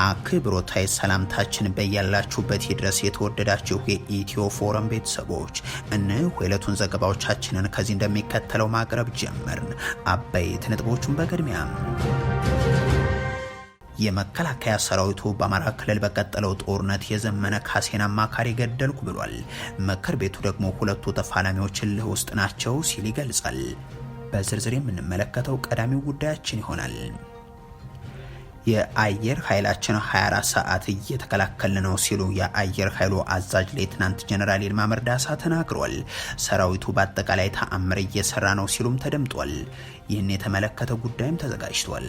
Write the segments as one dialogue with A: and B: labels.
A: አክብሮታይ ሰላምታችን በያላችሁበት ይድረስ። የተወደዳችሁ የኢትዮ ፎረም ቤተሰቦች እነሆ ሁለቱን ዘገባዎቻችንን ከዚህ እንደሚከተለው ማቅረብ ጀመርን። አበይት ነጥቦቹን በቅድሚያ የመከላከያ ሰራዊቱ በአማራ ክልል በቀጠለው ጦርነት የዘመነ ካሴን አማካሪ ገደልኩ ብሏል። ምክር ቤቱ ደግሞ ሁለቱ ተፋላሚዎችን ልህ ውስጥ ናቸው ሲል ይገልጻል። በዝርዝር የምንመለከተው ቀዳሚው ጉዳያችን ይሆናል። የአየር ኃይላችን 24 ሰዓት እየተከላከል ነው ሲሉ የአየር ኃይሉ አዛዥ ሌትናንት ጀነራል ይልማ መርዳሳ ተናግሯል። ሰራዊቱ በአጠቃላይ ተአምር እየሰራ ነው ሲሉም ተደምጧል። ይህን የተመለከተ ጉዳይም ተዘጋጅቷል።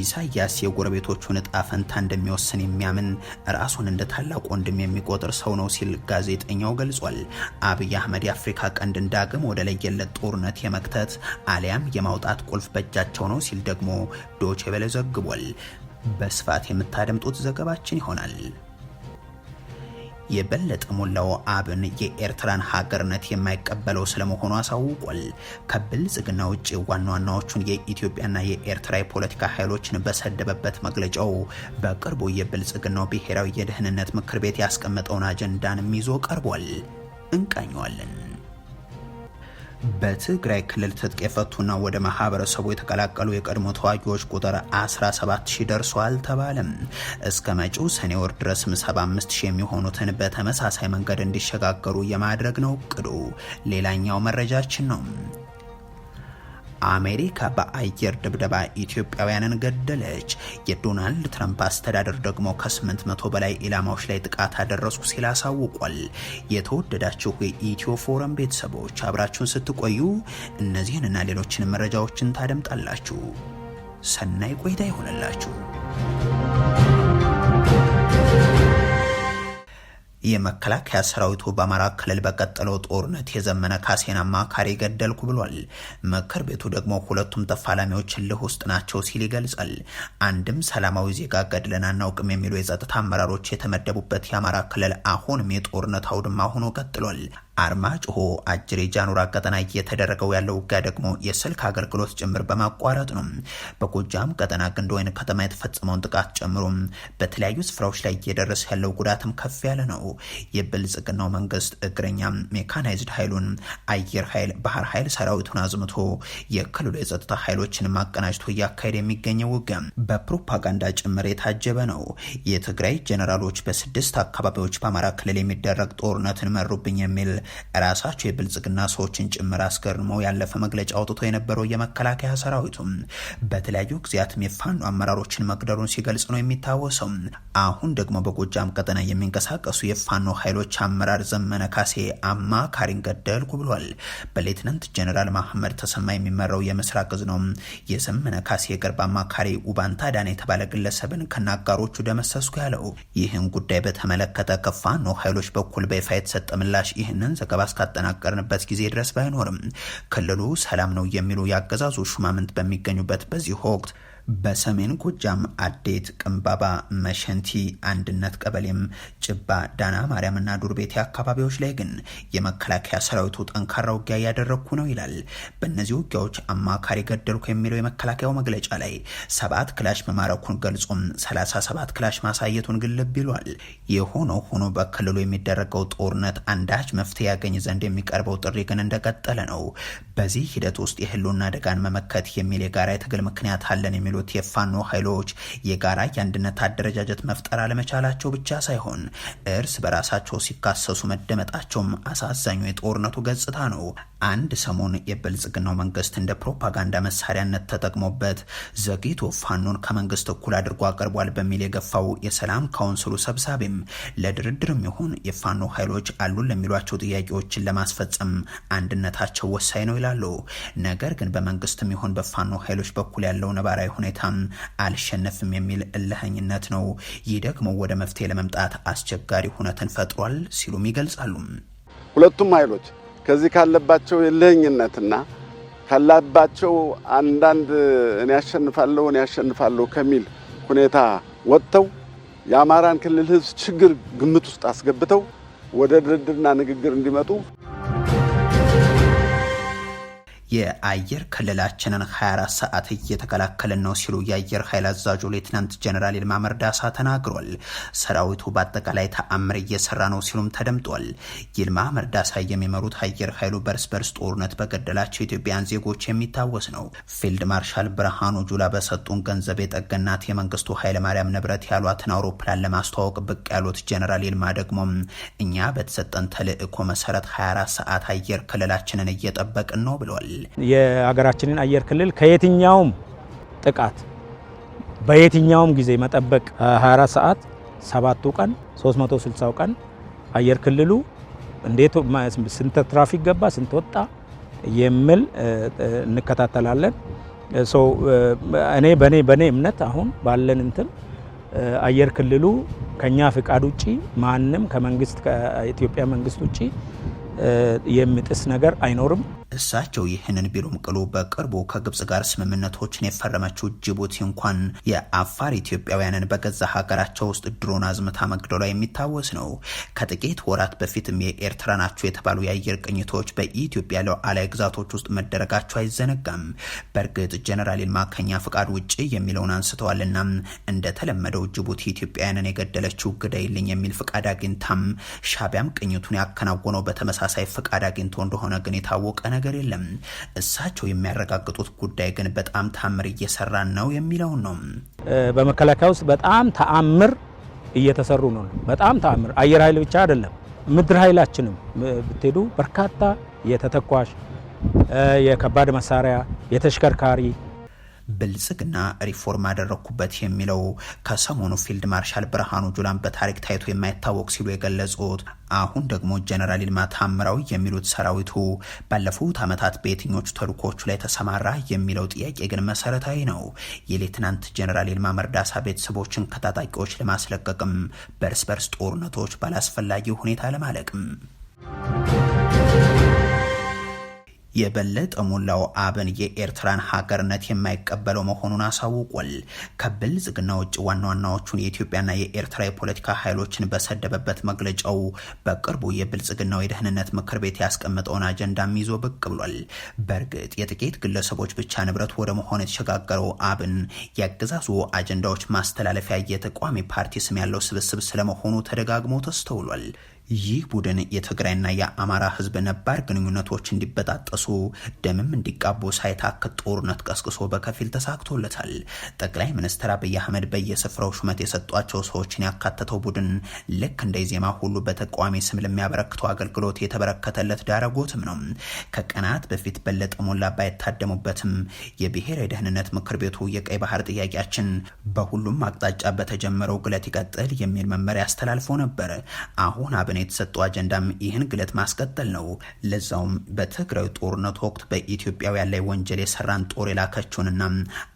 A: ኢሳያስ የጎረቤቶቹን እጣ ፈንታ እንደሚወስን የሚያምን ራሱን እንደ ታላቅ ወንድም የሚቆጥር ሰው ነው ሲል ጋዜጠኛው ገልጿል። አብይ አህመድ የአፍሪካ ቀንድ እንዳግም ወደ ለየለት ጦርነት የመክተት አሊያም የማውጣት ቁልፍ በእጃቸው ነው ሲል ደግሞ ዶቼ ቬለ ዘግቧል። በስፋት የምታደምጡት ዘገባችን ይሆናል። የበለጠ ሞላው አብን የኤርትራን ሀገርነት የማይቀበለው ስለመሆኑ አሳውቋል። ከብልጽግና ውጭ ዋና ዋናዎቹን የኢትዮጵያና የኤርትራ የፖለቲካ ኃይሎችን በሰደበበት መግለጫው በቅርቡ የብልጽግናው ብሔራዊ የደህንነት ምክር ቤት ያስቀመጠውን አጀንዳንም ይዞ ቀርቧል። እንቃኘዋለን። በትግራይ ክልል ትጥቅ የፈቱና ወደ ማህበረሰቡ የተቀላቀሉ የቀድሞ ተዋጊዎች ቁጥር 17000 ደርሷል ተባለም። እስከ መጪው ሰኔ ወር ድረስም 75000 የሚሆኑትን በተመሳሳይ መንገድ እንዲሸጋገሩ የማድረግ ነው እቅዱ። ሌላኛው መረጃችን ነው። አሜሪካ በአየር ድብደባ ኢትዮጵያውያንን ገደለች። የዶናልድ ትራምፕ አስተዳደር ደግሞ ከ800 በላይ ኢላማዎች ላይ ጥቃት አደረሱ ሲል አሳውቋል። የተወደዳችሁ የኢትዮ ፎረም ቤተሰቦች አብራችሁን ስትቆዩ እነዚህንና ሌሎችን መረጃዎችን ታደምጣላችሁ። ሰናይ ቆይታ ይሆነላችሁ። የመከላከያ ሰራዊቱ በአማራ ክልል በቀጠለው ጦርነት የዘመነ ካሴን አማካሪ ገደልኩ ብሏል። ምክር ቤቱ ደግሞ ሁለቱም ተፋላሚዎች እልህ ውስጥ ናቸው ሲል ይገልጻል። አንድም ሰላማዊ ዜጋ ገድለን አናውቅም የሚሉ የጸጥታ አመራሮች የተመደቡበት የአማራ ክልል አሁንም የጦርነት አውድማ ሆኖ ቀጥሏል። አርማጭሆ አጅሬ ጃኑራ ቀጠና እየተደረገው ያለው ውጊያ ደግሞ የስልክ አገልግሎት ጭምር በማቋረጥ ነው። በጎጃም ቀጠና ግንድ ወይን ከተማ የተፈጸመውን ጥቃት ጨምሮ በተለያዩ ስፍራዎች ላይ እየደረሰ ያለው ጉዳትም ከፍ ያለ ነው። የብልጽግናው መንግስት እግረኛ ሜካናይዝድ ኃይሉን አየር ኃይል፣ ባህር ኃይል ሰራዊቱን አዝምቶ የክልሉ የጸጥታ ኃይሎችን ማቀናጅቶ እያካሄደ የሚገኘው ውጊያ በፕሮፓጋንዳ ጭምር የታጀበ ነው። የትግራይ ጀነራሎች በስድስት አካባቢዎች በአማራ ክልል የሚደረግ ጦርነትን መሩብኝ የሚል ራሳቸው የብልጽግና ሰዎችን ጭምር አስገርመው ያለፈ መግለጫ አውጥቶ የነበረው የመከላከያ ሰራዊቱም በተለያዩ ጊዜያትም የፋኖ አመራሮችን መቅደሩን ሲገልጽ ነው የሚታወሰው። አሁን ደግሞ በጎጃም ቀጠና የሚንቀሳቀሱ የፋኖ ኃይሎች አመራር ዘመነ ካሴ አማካሪን ገደልኩ ብሏል። በሌትናንት ጀኔራል ማህመድ ተሰማ የሚመራው የምስራቅ እዝ ነው የዘመነ ካሴ የቅርብ አማካሪ ውባንታ ዳና የተባለ ግለሰብን ከናጋሮቹ ደመሰስኩ ያለው። ይህን ጉዳይ በተመለከተ ከፋኖ ኃይሎች በኩል በይፋ የተሰጠ ምላሽ ይህንን ዘገባ እስካጠናቀርንበት ጊዜ ድረስ ባይኖርም ክልሉ ሰላም ነው የሚሉ ያገዛዙ ሹማምንት በሚገኙበት በዚህ ወቅት በሰሜን ጎጃም አዴት ቅንባባ፣ መሸንቲ፣ አንድነት ቀበሌም ጭባ፣ ዳና ማርያምና ዱር ቤቴ አካባቢዎች ላይ ግን የመከላከያ ሰራዊቱ ጠንካራ ውጊያ እያደረግኩ ነው ይላል። በእነዚህ ውጊያዎች አማካሪ ገደልኩ የሚለው የመከላከያው መግለጫ ላይ ሰባት ክላሽ መማረኩን ገልጾም 37 ክላሽ ማሳየቱን ግልብ ይሏል። የሆነ ሆኖ በክልሉ የሚደረገው ጦርነት አንዳች መፍትሄ ያገኝ ዘንድ የሚቀርበው ጥሪ ግን እንደቀጠለ ነው። በዚህ ሂደት ውስጥ የህልውና አደጋን መመከት የሚል የጋራ የትግል ምክንያት አለን የሚሉ የሚሉት የፋኖ ኃይሎች የጋራ የአንድነት አደረጃጀት መፍጠር አለመቻላቸው ብቻ ሳይሆን እርስ በራሳቸው ሲካሰሱ መደመጣቸውም አሳዛኙ የጦርነቱ ገጽታ ነው። አንድ ሰሞን የብልጽግናው መንግስት እንደ ፕሮፓጋንዳ መሳሪያነት ተጠቅሞበት ዘግይቶ ፋኖን ከመንግስት እኩል አድርጎ አቅርቧል በሚል የገፋው የሰላም ካውንስሉ ሰብሳቢም ለድርድርም ይሁን የፋኖ ኃይሎች አሉን ለሚሏቸው ጥያቄዎችን ለማስፈጸም አንድነታቸው ወሳኝ ነው ይላሉ። ነገር ግን በመንግስትም ይሁን በፋኖ ኃይሎች በኩል ያለው ነባራዊ ሁኔታም አልሸነፍም የሚል እልህኝነት ነው። ይህ ደግሞ ወደ መፍትሄ ለመምጣት አስቸጋሪ ሁነትን ፈጥሯል ሲሉም ይገልጻሉ።
B: ሁለቱም ኃይሎች ከዚህ ካለባቸው የለኝነትና ካላባቸው አንዳንድ እኔ ያሸንፋለሁ እኔ ያሸንፋለሁ ከሚል ሁኔታ ወጥተው የአማራን ክልል ህዝብ ችግር ግምት ውስጥ አስገብተው ወደ ድርድርና ንግግር እንዲመጡ
A: የአየር ክልላችንን 24 ሰዓት እየተከላከልን ነው ሲሉ የአየር ኃይል አዛዡ ሌትናንት ጀነራል ይልማ መርዳሳ ተናግሯል። ሰራዊቱ በአጠቃላይ ተአምር እየሰራ ነው ሲሉም ተደምጧል። ይልማ መርዳሳ የሚመሩት አየር ኃይሉ በርስ በርስ ጦርነት በገደላቸው ኢትዮጵያን ዜጎች የሚታወስ ነው። ፊልድ ማርሻል ብርሃኑ ጁላ በሰጡን ገንዘብ የጠገናት የመንግስቱ ኃይለማርያም ንብረት ያሏትን አውሮፕላን ለማስተዋወቅ ብቅ ያሉት ጀነራል ይልማ ደግሞ እኛ በተሰጠን ተልእኮ መሰረት 24 ሰዓት አየር ክልላችንን እየጠበቅን ነው ብሏል።
C: የሀገራችንን አየር ክልል ከየትኛውም ጥቃት በየትኛውም ጊዜ መጠበቅ 24 ሰዓት ሰባቱ ቀን 360 ቀን አየር ክልሉ እንዴት ስንት ትራፊክ ገባ፣ ስንት ወጣ የሚል እንከታተላለን። እኔ በእኔ በእኔ እምነት አሁን ባለን እንትን አየር ክልሉ ከኛ ፍቃድ ውጪ ማንም ከመንግስት ከኢትዮጵያ መንግስት ውጪ የሚጥስ ነገር አይኖርም።
A: እሳቸው ይህንን ቢሉም ቅሉ በቅርቡ ከግብጽ ጋር ስምምነቶችን የፈረመችው ጅቡቲ እንኳን የአፋር ኢትዮጵያውያንን በገዛ ሀገራቸው ውስጥ ድሮን አዝምታ መግደሏ የሚታወስ ነው። ከጥቂት ወራት በፊትም የኤርትራ ናቸው የተባሉ የአየር ቅኝቶች በኢትዮጵያ ሉዓላዊ ግዛቶች ውስጥ መደረጋቸው አይዘነጋም። በእርግጥ ጀነራል ይልማ ከኛ ፍቃድ ውጭ የሚለውን አንስተዋልና እንደተለመደው ጅቡቲ ኢትዮጵያውያንን የገደለችው ግደይልኝ የሚል ፍቃድ አግኝታም ሻቢያም ቅኝቱን ያከናወነው በተመሳሳይ ፍቃድ አግኝቶ እንደሆነ ግን የታወቀ ነገር ነገር የለም። እሳቸው የሚያረጋግጡት ጉዳይ ግን በጣም ታምር እየሰራን ነው የሚለውን ነው።
C: በመከላከያ ውስጥ በጣም ተአምር እየተሰሩ ነው። በጣም ተአምር አየር ኃይል ብቻ አይደለም፣ ምድር ኃይላችንም ብትሄዱ በርካታ የተተኳሽ የከባድ መሳሪያ የተሽከርካሪ
A: ብልጽግና ሪፎርም አደረግኩበት የሚለው ከሰሞኑ ፊልድ ማርሻል ብርሃኑ ጁላን በታሪክ ታይቶ የማይታወቅ ሲሉ የገለጹት አሁን ደግሞ ጀነራል ይልማ ታምራዊ የሚሉት ሰራዊቱ ባለፉት ዓመታት በየትኞቹ ተልኮቹ ላይ ተሰማራ የሚለው ጥያቄ ግን መሰረታዊ ነው። የሌትናንት ጀነራል ይልማ መርዳሳ ቤተሰቦችን ከታጣቂዎች ለማስለቀቅም በርስ በርስ ጦርነቶች ባላስፈላጊ ሁኔታ ለማለቅም የበለጠ ሙላው አብን የኤርትራን ሀገርነት የማይቀበለው መሆኑን አሳውቋል። ከብልጽግና ውጭ ዋና ዋናዎቹን የኢትዮጵያና የኤርትራ የፖለቲካ ኃይሎችን በሰደበበት መግለጫው በቅርቡ የብልጽግናው የደህንነት ምክር ቤት ያስቀመጠውን አጀንዳም ይዞ ብቅ ብሏል። በእርግጥ የጥቂት ግለሰቦች ብቻ ንብረት ወደ መሆን የተሸጋገረው አብን የአገዛዙ አጀንዳዎች ማስተላለፊያ የተቋሚ ፓርቲ ስም ያለው ስብስብ ስለመሆኑ ተደጋግሞ ተስተውሏል። ይህ ቡድን የትግራይና የአማራ ህዝብ ነባር ግንኙነቶች እንዲበጣጠሱ ደምም እንዲቃቡ ሳይታክት ጦርነት ቀስቅሶ በከፊል ተሳክቶለታል። ጠቅላይ ሚኒስትር አብይ አህመድ በየስፍራው ሹመት የሰጧቸው ሰዎችን ያካተተው ቡድን ልክ እንደ ዜማ ሁሉ በተቃዋሚ ስም ለሚያበረክተው አገልግሎት የተበረከተለት ዳረጎትም ነው። ከቀናት በፊት በለጠ ሞላ ባይታደሙበትም የብሔር የደህንነት ምክር ቤቱ የቀይ ባህር ጥያቄያችን በሁሉም አቅጣጫ በተጀመረው ግለት ይቀጥል የሚል መመሪያ አስተላልፎ ነበር። አሁን አብን ብሊንከን የተሰጠው አጀንዳም ይህን ግለት ማስቀጠል ነው። ለዛውም በትግራይ ጦርነት ወቅት በኢትዮጵያውያን ላይ ወንጀል የሰራን ጦር የላከችውንና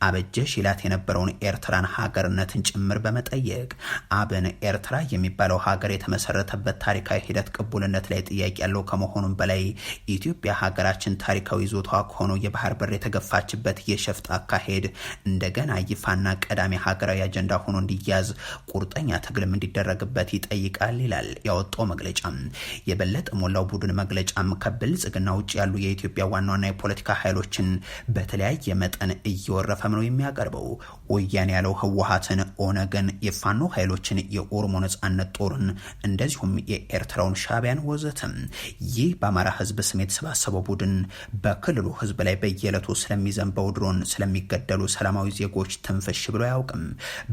A: አበጀሽ ይላት የነበረውን ኤርትራን ሀገርነትን ጭምር በመጠየቅ አብን ኤርትራ የሚባለው ሀገር የተመሰረተበት ታሪካዊ ሂደት ቅቡልነት ላይ ጥያቄ ያለው ከመሆኑም በላይ ኢትዮጵያ ሀገራችን ታሪካዊ ይዞታ ከሆነው የባህር በር የተገፋችበት የሸፍጥ አካሄድ እንደገና ይፋና ቀዳሚ ሀገራዊ አጀንዳ ሆኖ እንዲያዝ ቁርጠኛ ትግልም እንዲደረግበት ይጠይቃል ይላል ያወጣው መግለጫ የበለጠ ሞላው ቡድን መግለጫም ከብልጽግና ውጭ ያሉ የኢትዮጵያ ዋና ዋና የፖለቲካ ኃይሎችን በተለያየ መጠን እየወረፈም ነው የሚያቀርበው። ወያኔ ያለው ህወሀትን፣ ኦነግን፣ የፋኖ ኃይሎችን፣ የኦሮሞ ነጻነት ጦርን እንደዚሁም የኤርትራውን ሻቢያን ወዘተም። ይህ በአማራ ህዝብ ስም የተሰባሰበው ቡድን በክልሉ ህዝብ ላይ በየዕለቱ ስለሚዘንበው ድሮን ስለሚገደሉ ሰላማዊ ዜጎች ትንፍሽ ብሎ አያውቅም።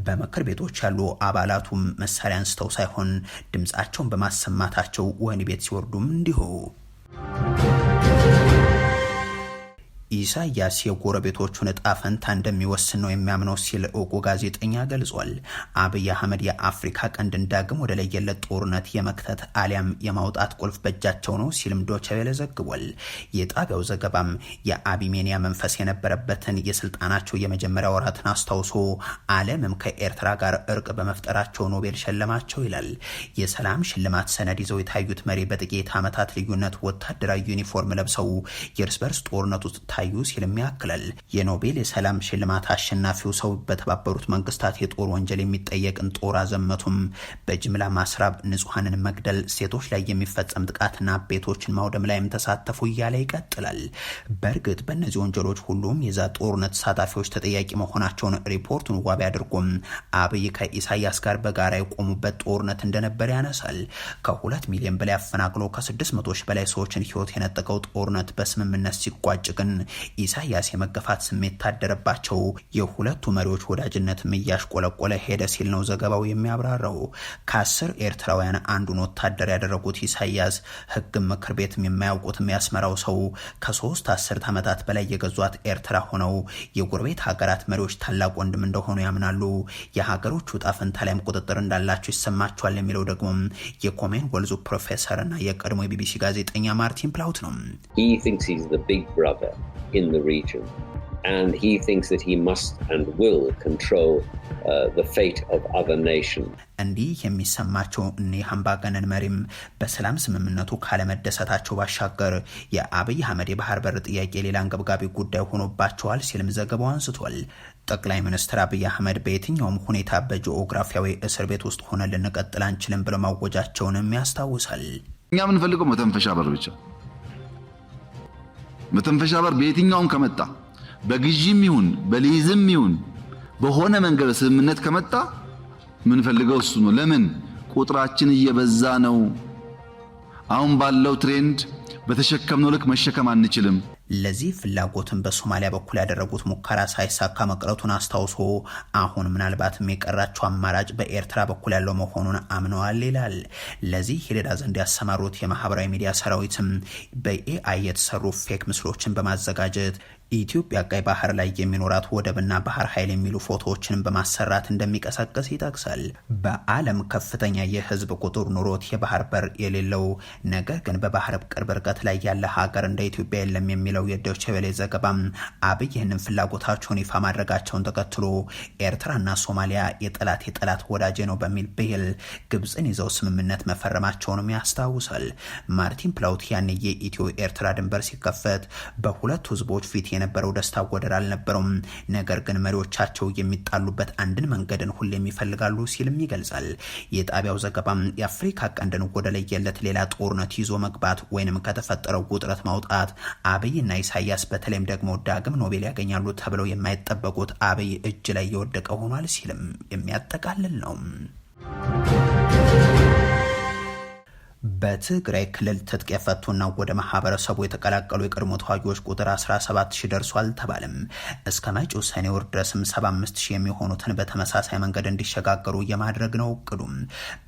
A: በምክር ቤቶች ያሉ አባላቱም መሳሪያ አንስተው ሳይሆን ድምጻቸውን በማሰ መሰማታቸው ወህኒ ቤት ሲወርዱም እንዲሁ ኢሳያስ የጎረቤቶቹን እጣ ፈንታ እንደሚወስን ነው የሚያምነው ሲል እውቁ ጋዜጠኛ ገልጿል። አብይ አህመድ የአፍሪካ ቀንድን ዳግም ወደ ለየለት ጦርነት የመክተት አሊያም የማውጣት ቁልፍ በእጃቸው ነው ሲልም ዶቸቤለ ዘግቧል። የጣቢያው ዘገባም የአቢሜኒያ መንፈስ የነበረበትን የስልጣናቸው የመጀመሪያ ወራትን አስታውሶ ዓለምም ከኤርትራ ጋር እርቅ በመፍጠራቸው ኖቤል ሸለማቸው ይላል። የሰላም ሽልማት ሰነድ ይዘው የታዩት መሪ በጥቂት ዓመታት ልዩነት ወታደራዊ ዩኒፎርም ለብሰው የእርስ በርስ ጦርነት ውስጥ ታዩ ሲልም ያክላል። የኖቤል የሰላም ሽልማት አሸናፊው ሰው በተባበሩት መንግስታት የጦር ወንጀል የሚጠየቅን ጦር አዘመቱም፣ በጅምላ ማስራብ፣ ንጹሐንን መግደል፣ ሴቶች ላይ የሚፈጸም ጥቃትና ቤቶችን ማውደም ላይም ተሳተፉ እያለ ይቀጥላል። በእርግጥ በእነዚህ ወንጀሎች ሁሉም የዛ ጦርነት ተሳታፊዎች ተጠያቂ መሆናቸውን ሪፖርቱን ዋቢ አድርጎም አብይ ከኢሳያስ ጋር በጋራ የቆሙበት ጦርነት እንደነበር ያነሳል። ከሁለት ሚሊዮን በላይ አፈናቅሎ ከ600 ሺህ በላይ ሰዎችን ህይወት የነጠቀው ጦርነት በስምምነት ሲቋጭ ግን ኢሳያስ የመገፋት ስሜት ታደረባቸው። የሁለቱ መሪዎች ወዳጅነትም እያሽቆለቆለ ሄደ ሲል ነው ዘገባው የሚያብራራው። ከአስር ኤርትራውያን አንዱን ወታደር ያደረጉት ኢሳያስ ህግም ምክር ቤትም የማያውቁትም ያስመራው ሰው ከሶስት አስርት ዓመታት በላይ የገዟት ኤርትራ ሆነው የጎረቤት ሀገራት መሪዎች ታላቅ ወንድም እንደሆኑ ያምናሉ። የሀገሮቹ ዕጣ ፈንታ ላይም ቁጥጥር እንዳላቸው ይሰማቸዋል የሚለው ደግሞ የኮሜን ወልዙ ፕሮፌሰር እና የቀድሞ የቢቢሲ ጋዜጠኛ ማርቲን ፕላውት ነው።
D: in the region. And he thinks that he must and will control uh, the fate of other nations.
A: እንዲህ የሚሰማቸው እኒህ አምባገነን መሪም በሰላም ስምምነቱ ካለመደሰታቸው ባሻገር የአብይ አህመድ የባህር በር ጥያቄ ሌላ አንገብጋቢ ጉዳይ ሆኖባቸዋል ሲልም ዘገባው አንስቷል። ጠቅላይ ሚኒስትር አብይ አህመድ በየትኛውም ሁኔታ በጂኦግራፊያዊ እስር ቤት ውስጥ ሆነ ልንቀጥል አንችልም ብለው ማወጃቸውንም ያስታውሳል።
E: እኛ የምንፈልገው መተንፈሻ በር ብቻ መተንፈሻ በር በየትኛውም ከመጣ በግዥም ይሁን በሊዝም ይሁን በሆነ መንገድ ስምምነት ከመጣ ምንፈልገው እሱ ነው። ለምን ቁጥራችን እየበዛ ነው። አሁን ባለው ትሬንድ በተሸከምነው ልክ መሸከም አንችልም።
A: ለዚህ ፍላጎትን በሶማሊያ በኩል ያደረጉት ሙከራ ሳይሳካ መቅረቱን አስታውሶ አሁን ምናልባትም የቀራቸው አማራጭ በኤርትራ በኩል ያለው መሆኑን አምነዋል ይላል። ለዚህ ሂደዳ ዘንድ ያሰማሩት የማህበራዊ ሚዲያ ሰራዊትም በኤአይ የተሰሩ ፌክ ምስሎችን በማዘጋጀት ኢትዮጵያ ቀይ ባህር ላይ የሚኖራት ወደብና ባህር ኃይል የሚሉ ፎቶዎችን በማሰራት እንደሚቀሰቅስ ይጠቅሳል። በዓለም ከፍተኛ የህዝብ ቁጥር ኑሮት የባህር በር የሌለው ነገር ግን በባህር ቅርብ ርቀት ላይ ያለ ሀገር እንደ ኢትዮጵያ የለም የሚለው የዶይቼ ቬለ ዘገባም አብይ ይህንን ፍላጎታቸውን ይፋ ማድረጋቸውን ተከትሎ ኤርትራና ሶማሊያ የጠላት የጠላት ወዳጄ ነው በሚል ብሂል ግብፅን ይዘው ስምምነት መፈረማቸውንም ያስታውሳል። ማርቲን ፕላውት ያን የኢትዮ ኤርትራ ድንበር ሲከፈት በሁለቱ ህዝቦች ፊት የነበረው ደስታ ወደር አልነበረውም። ነገር ግን መሪዎቻቸው የሚጣሉበት አንድን መንገድን ሁሌም ይፈልጋሉ ሲልም ይገልጻል። የጣቢያው ዘገባም የአፍሪካ ቀንድን ወደ ለየለት ሌላ ጦርነት ይዞ መግባት ወይንም ከተፈጠረው ውጥረት ማውጣት አብይና ኢሳያስ በተለይም ደግሞ ዳግም ኖቤል ያገኛሉ ተብለው የማይጠበቁት አብይ እጅ ላይ የወደቀ ሆኗል ሲልም የሚያጠቃልል ነው። በትግራይ ክልል ትጥቅ የፈቱና ወደ ማህበረሰቡ የተቀላቀሉ የቀድሞ ተዋጊዎች ቁጥር 17 ሺህ ደርሷል ተባለም። እስከ መጪው ሰኔ ወር ድረስም 75 ሺህ የሚሆኑትን በተመሳሳይ መንገድ እንዲሸጋገሩ የማድረግ ነው እቅዱም።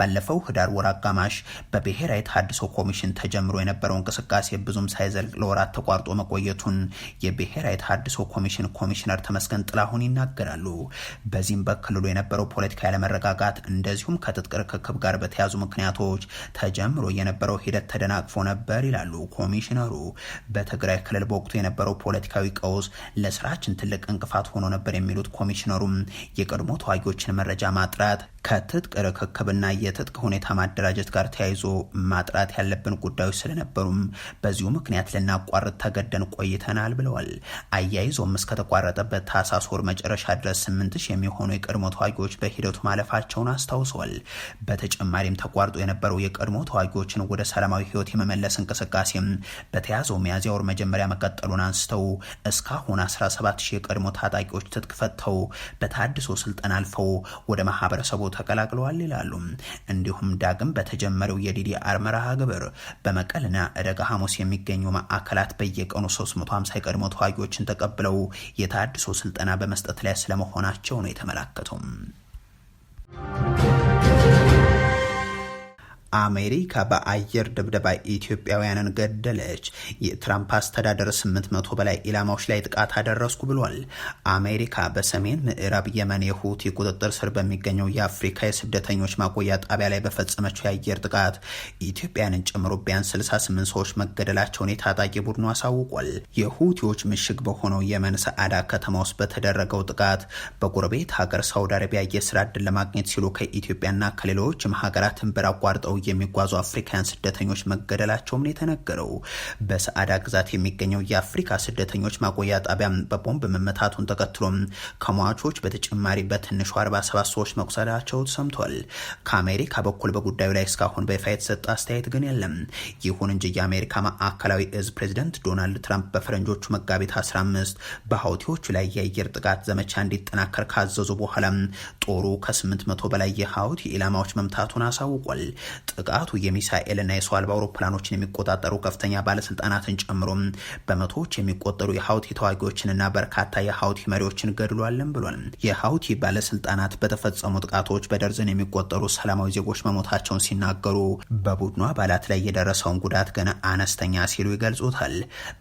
A: ባለፈው ህዳር ወር አጋማሽ በብሔራዊ ተሃድሶ ኮሚሽን ተጀምሮ የነበረው እንቅስቃሴ ብዙም ሳይዘልቅ ለወራት ተቋርጦ መቆየቱን የብሔራዊ ተሃድሶ ኮሚሽን ኮሚሽነር ተመስገን ጥላሁን ይናገራሉ። በዚህም በክልሉ የነበረው ፖለቲካ ያለመረጋጋት እንደዚሁም ከትጥቅ ርክክብ ጋር በተያዙ ምክንያቶች ተጀምሮ ጀምሮ የነበረው ሂደት ተደናቅፎ ነበር ይላሉ ኮሚሽነሩ። በትግራይ ክልል በወቅቱ የነበረው ፖለቲካዊ ቀውስ ለስራችን ትልቅ እንቅፋት ሆኖ ነበር የሚሉት ኮሚሽነሩም የቀድሞ ተዋጊዎችን መረጃ ማጥራት ከትጥቅ ርክክብና የትጥቅ ሁኔታ ማደራጀት ጋር ተያይዞ ማጥራት ያለብን ጉዳዮች ስለነበሩም በዚሁ ምክንያት ልናቋርጥ ተገደን ቆይተናል ብለዋል። አያይዞም እስከተቋረጠበት ታህሳስ ወር መጨረሻ ድረስ ስምንት ሺህ የሚሆኑ የቀድሞ ተዋጊዎች በሂደቱ ማለፋቸውን አስታውሰዋል። በተጨማሪም ተቋርጦ የነበረው የቀድሞ ተዋጊዎችን ወደ ሰላማዊ ህይወት የመመለስ እንቅስቃሴም በተያዘው ሚያዝያ ወር መጀመሪያ መቀጠሉን አንስተው እስካሁን 17 ሺህ የቀድሞ ታጣቂዎች ትጥቅ ፈተው በታድሶ ስልጠና አልፈው ወደ ማህበረሰቡ ተቀላቅለዋል ይላሉ። እንዲሁም ዳግም በተጀመረው የዲዲአር መርሃ ግብር በመቀልና እደጋ ሐሙስ የሚገኙ ማዕከላት በየቀኑ 350 የቀድሞ ተዋጊዎችን ተቀብለው የታድሶ ስልጠና በመስጠት ላይ ስለመሆናቸው ነው የተመላከተው። አሜሪካ በአየር ድብደባ ኢትዮጵያውያንን ገደለች። የትራምፕ አስተዳደር 800 በላይ ኢላማዎች ላይ ጥቃት አደረስኩ ብሏል። አሜሪካ በሰሜን ምዕራብ የመን የሁቲ ቁጥጥር ስር በሚገኘው የአፍሪካ የስደተኞች ማቆያ ጣቢያ ላይ በፈጸመችው የአየር ጥቃት ኢትዮጵያንን ጨምሮ ቢያንስ 68 ሰዎች መገደላቸውን የታጣቂ ቡድኑ አሳውቋል። የሁቲዎች ምሽግ በሆነው የመን ሰዓዳ ከተማ ውስጥ በተደረገው ጥቃት በጎረቤት ሀገር ሳውዲ አረቢያ የስራ ዕድል ለማግኘት ሲሉ ከኢትዮጵያና ከሌሎችም ሀገራት ድንበር አቋርጠው የሚጓዙ አፍሪካውያን ስደተኞች መገደላቸውም ነው የተነገረው። በሰአዳ ግዛት የሚገኘው የአፍሪካ ስደተኞች ማቆያ ጣቢያ በቦምብ መመታቱን ተከትሎም ከሟቾች በተጨማሪ በትንሹ 47 ሰዎች መቁሰላቸው ሰምቷል። ከአሜሪካ በኩል በጉዳዩ ላይ እስካሁን በይፋ የተሰጠ አስተያየት ግን የለም። ይሁን እንጂ የአሜሪካ ማዕከላዊ እዝ ፕሬዚደንት ዶናልድ ትራምፕ በፈረንጆቹ መጋቢት 15 በሀውቲዎቹ ላይ የአየር ጥቃት ዘመቻ እንዲጠናከር ካዘዙ በኋላ ጦሩ ከ800 በላይ የሀውቲ ኢላማዎች መምታቱን አሳውቋል። ጥቃቱ የሚሳኤልና የሰው አልባ አውሮፕላኖችን የሚቆጣጠሩ ከፍተኛ ባለስልጣናትን ጨምሮ በመቶዎች የሚቆጠሩ የሀውቲ ተዋጊዎችንና በርካታ የሀውቲ መሪዎችን ገድሏለን ብሏል። የሀውቲ ባለስልጣናት በተፈጸሙ ጥቃቶች በደርዘን የሚቆጠሩ ሰላማዊ ዜጎች መሞታቸውን ሲናገሩ በቡድኑ አባላት ላይ የደረሰውን ጉዳት ገና አነስተኛ ሲሉ ይገልጹታል።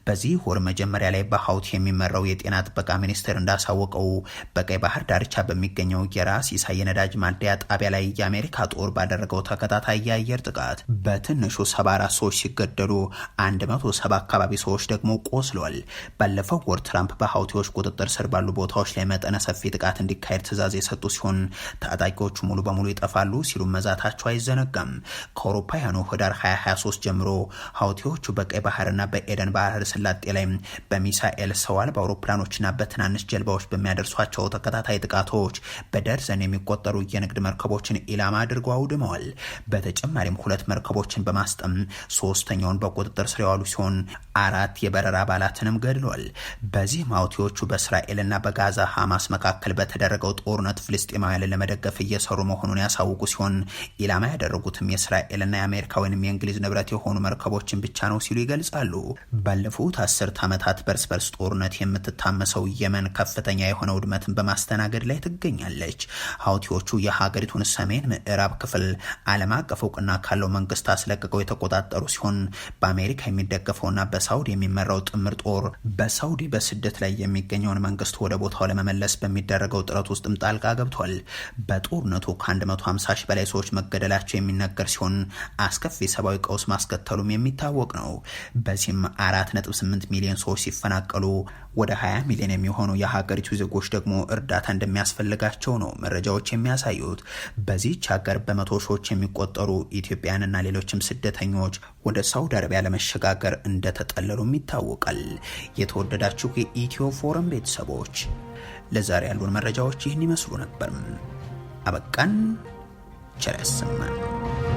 A: በዚህ ወር መጀመሪያ ላይ በሀውቲ የሚመራው የጤና ጥበቃ ሚኒስቴር እንዳሳወቀው በቀይ ባህር ዳርቻ በሚገኘው የራስ ኢሳይ የነዳጅ ማደያ ጣቢያ ላይ የአሜሪካ ጦር ባደረገው ተከታታይ የአየር ጥቃት በትንሹ 74 ሰዎች ሲገደሉ 170 አካባቢ ሰዎች ደግሞ ቆስሏል። ባለፈው ወር ትራምፕ በሀውቲዎች ቁጥጥር ስር ባሉ ቦታዎች ላይ መጠነ ሰፊ ጥቃት እንዲካሄድ ትዕዛዝ የሰጡ ሲሆን ታጣቂዎቹ ሙሉ በሙሉ ይጠፋሉ ሲሉ መዛታቸው አይዘነጋም። ከአውሮፓውያኑ ህዳር 2023 ጀምሮ ሀውቲዎቹ በቀይ ባህርና በኤደን ባህር ስላጤ ላይ በሚሳኤል ሰዋል በአውሮፕላኖችና በትናንሽ ጀልባዎች በሚያደርሷቸው ተከታታይ ጥቃቶች በደርዘን የሚቆጠሩ የንግድ መርከቦችን ኢላማ አድርገው አውድመዋል። በተጨማሪም ሁለት መርከቦችን በማስጠም ሶስተኛውን በቁጥጥር ስር የዋሉ ሲሆን አራት የበረራ አባላትንም ገድሏል። በዚህ አውቲዎቹ በእስራኤልና በጋዛ ሐማስ መካከል በተደረገው ጦርነት ፍልስጤማውያንን ለመደገፍ እየሰሩ መሆኑን ያሳውቁ ሲሆን ኢላማ ያደረጉትም የእስራኤልና የአሜሪካ ወይም የእንግሊዝ ንብረት የሆኑ መርከቦችን ብቻ ነው ሲሉ ይገልጻሉ። ባለፉት አስርት ዓመታት በርስ በርስ ጦርነት የምትታመሰው የመን ከፍተኛ የሆነ ውድመትን በማስተናገድ ላይ ትገኛለች። ሀውቲዎቹ የሀገሪቱን ሰሜን ምዕራብ ክፍል ዓለም አቀፍ እውቅና ካለው መንግስት አስለቅቀው የተቆጣጠሩ ሲሆን በአሜሪካ የሚደገፈውና በሳውዲ የሚመራው ጥምር ጦር በሳውዲ በስደት ላይ የሚገኘውን መንግስት ወደ ቦታው ለመመለስ በሚደረገው ጥረት ውስጥም ጣልቃ ገብቷል። በጦርነቱ ከ150 ሺህ በላይ ሰዎች መገደላቸው የሚነገር ሲሆን አስከፊ ሰብአዊ ቀውስ ማስከተሉም የሚታወቅ ነው። በዚህም 4.8 ሚሊዮን ሰዎች ሲፈናቀሉ ወደ 20 ሚሊዮን የሚሆኑ የሀገሪቱ ዜጎች ደግሞ እርዳታ እንደሚያስፈልጋቸው ነው መረጃዎች የሚያሳዩት። በዚህች ሀገር በመቶ ሺዎች የሚቆጠሩ ኢትዮጵያንና ሌሎችም ስደተኞች ወደ ሳውዲ አረቢያ ለመሸጋገር እንደተጠለሉም ይታወቃል። የተወደዳችሁ የኢትዮ ፎረም ቤተሰቦች ለዛሬ ያሉን መረጃዎች ይህን ይመስሉ ነበር። አበቃን። ቸር ያሰማን።